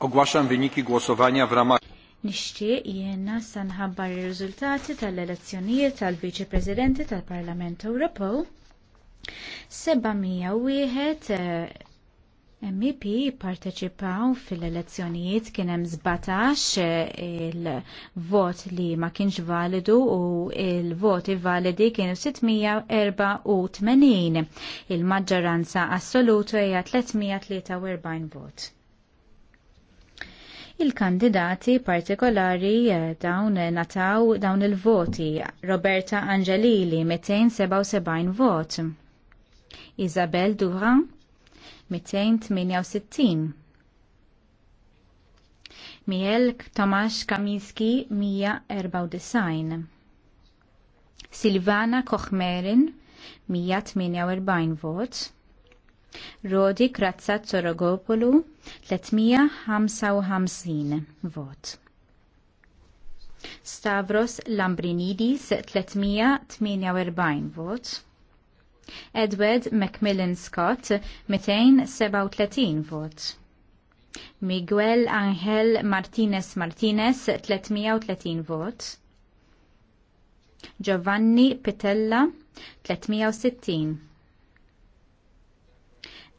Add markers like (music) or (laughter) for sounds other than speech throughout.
Ogłaszam wyniki głosowania w ramach Nixtieq jiena sanħabbar il riżultati tal-elezzjonijiet tal-Viċi Presidenti tal-Parlament Ewropew. 701 eh, MEP parteċipaw fil-elezzjonijiet kien hemm 17 il-vot li ma kienx validu u il-voti validi kienu 684. Il-maġġoranza assoluta hija 343 vot il-kandidati partikolari eh, dawn nataw dawn il-voti. Roberta Angelili 277 vot. Isabel Duran 268. Miel Tomas Kaminski 194. Silvana Kochmerin 148 vot. Rodi Krazza Zorogopolu 355 vot. Stavros Lambrinidis 348 vot. Edward Macmillan Scott 237 vot. Miguel Angel Martinez Martinez 330 vot. Giovanni Pitella 360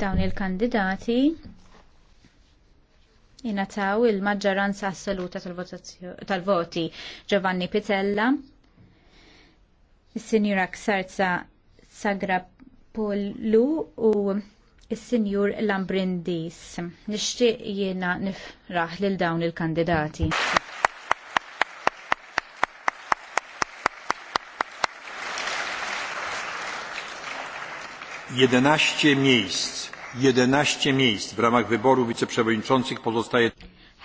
dawn il-kandidati jingħataw il-maġġoranza assoluta tal-voti Giovanni Pitella, il-Sinjura Ksarza Sagra u il-Sinjur Lambrindis. Nishtiq jiena nifraħ lil dawn il-kandidati. 11 miejsc, 11 miejsc w ramach wyboru wiceprzewodniczących pozostaje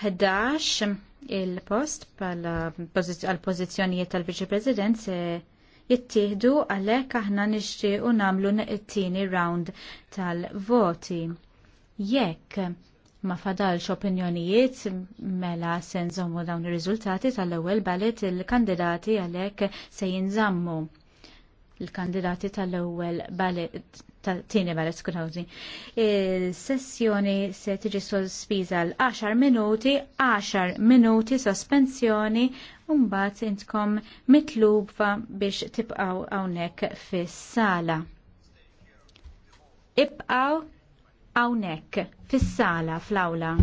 11 il-post għal-pozizjonijiet tal-Viċi-President se jittieħdu għalhekk aħna nixtiequ nagħmlu it-tieni round tal-voti. Jekk ma fadalx opinjonijiet mela se nżommu dawn ir-riżultati tal-ewwel balet il-kandidati għalhekk se jinżammu il-kandidati tal-ewwel balet tieni mela skużawni. Sessjoni se tiġi sospiża l-10 minuti, 10 minuti sospensjoni u mbagħad intkom mitlubfa biex tibqgħu hawnhekk fis-sala. Ibqgħu hawnhekk fis-sala fl-awla.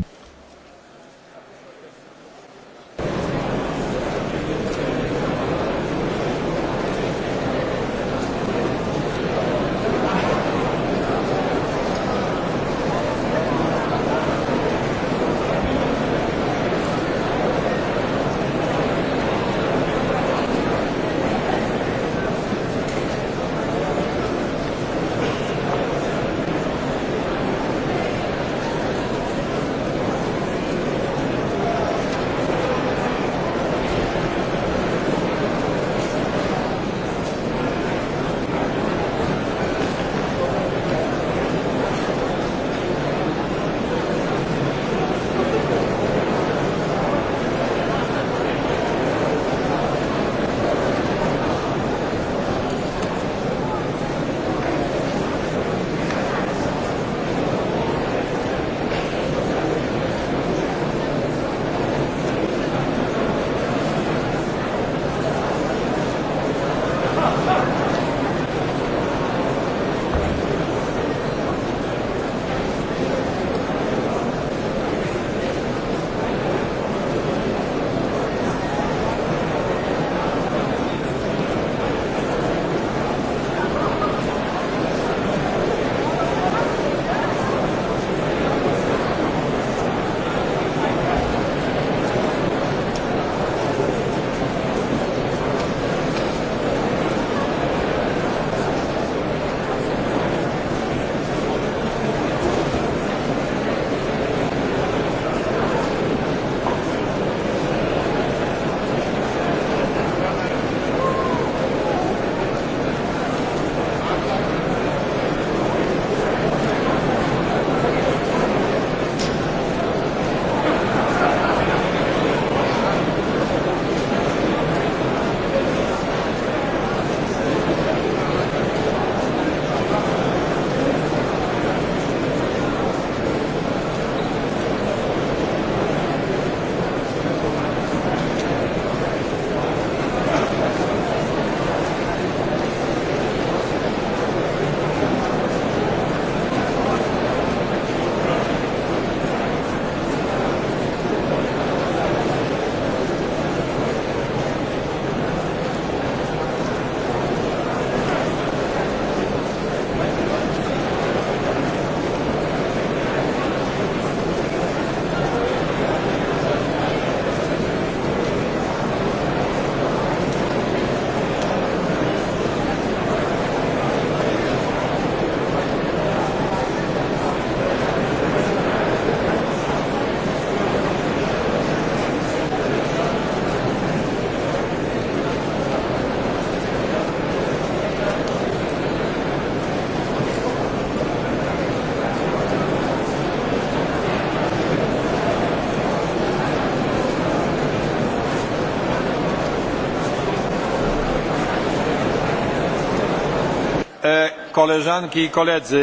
koleżanki i koledzy.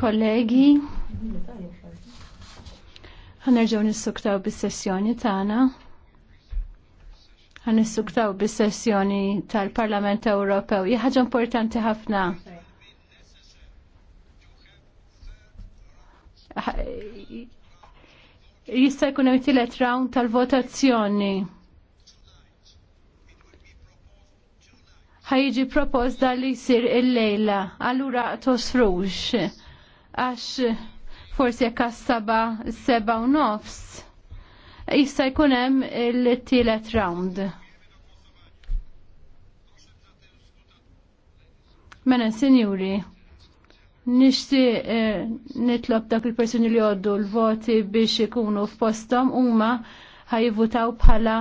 Kolegi, Għanerġaw nissuktaw bi sessjoni tana. Għanissuktaw bi sessjoni tal-Parlament Ewropew. Jħagġa importanti ħafna. Jista' jkun hemm tielet round tal-votazzjoni. ħajġi proposta li jsir il-lejla, allura tosfrux, għax forsi s-saba seba seba u nofs, jista' jkun hemm il-tielet round. Mena, sinjuri, nixti eh, nitlob dak il-persuni li għoddu l-voti biex ikunu f'postom huma ħajvutaw bħala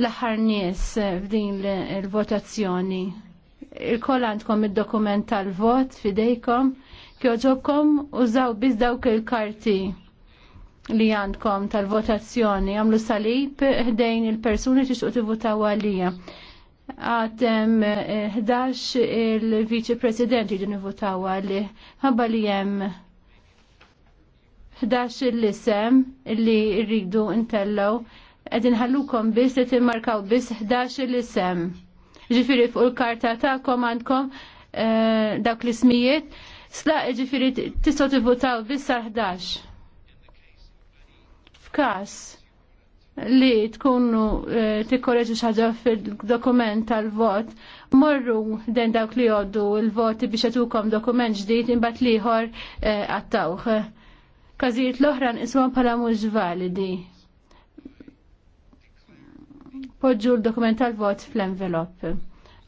l-aħħar nies f'din il-votazzjoni. Il-koll għandkom id-dokument tal-vot fidejkom, kjoġobkom użaw biz dawk il-karti li għandkom tal-votazzjoni għamlu salib ħdejn il-persuni t tivutaw għalija. Għatem 11 eh, il-Vice President jidin votaw għalli. Ħabba li jem 11 il isem li rridu intellaw għedin ħallukom biss li timmarkaw biss 11 l-isem. Ġifiri fuq il-karta ta' għandkom eh, dawk l-ismijiet. Sla ġifiri tistgħu tivvutaw biss 11. F'każ li tkunu eh, tikkoreġu xaġa fil-dokument tal-vot, morru den dawk li għoddu il-voti biex għatukom dokument ġdijt imbat liħor eh, għattawħ. Kazijiet l-oħran iswan pala mux validi. Poġġu l-dokument tal-vot fl-envelop.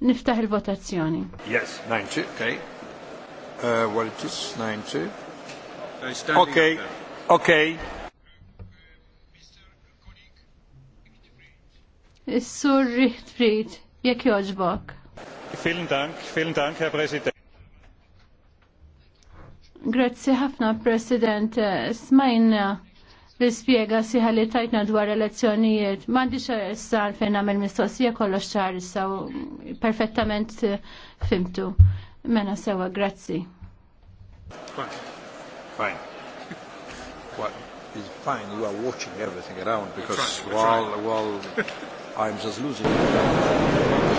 Niftaħ il-votazzjoni. Yes, 90, okay. Uh, well, it is 90. Uh, ok, ok. Is-sur Richtfried, jek joġbok. Film Dank, film Dank, Herr Präsident. Grazzi ħafna, President. Smajna l-spiega siħa li tajtna dwar elezzjonijiet. Mandi xarissa fejn għamil mistoqsija kollo xar xarissa u perfettament eh, fimtu. Mena sewa, grazzi. Fine. (laughs) What is fine, you are watching everything around because while, while (laughs) I'm just losing.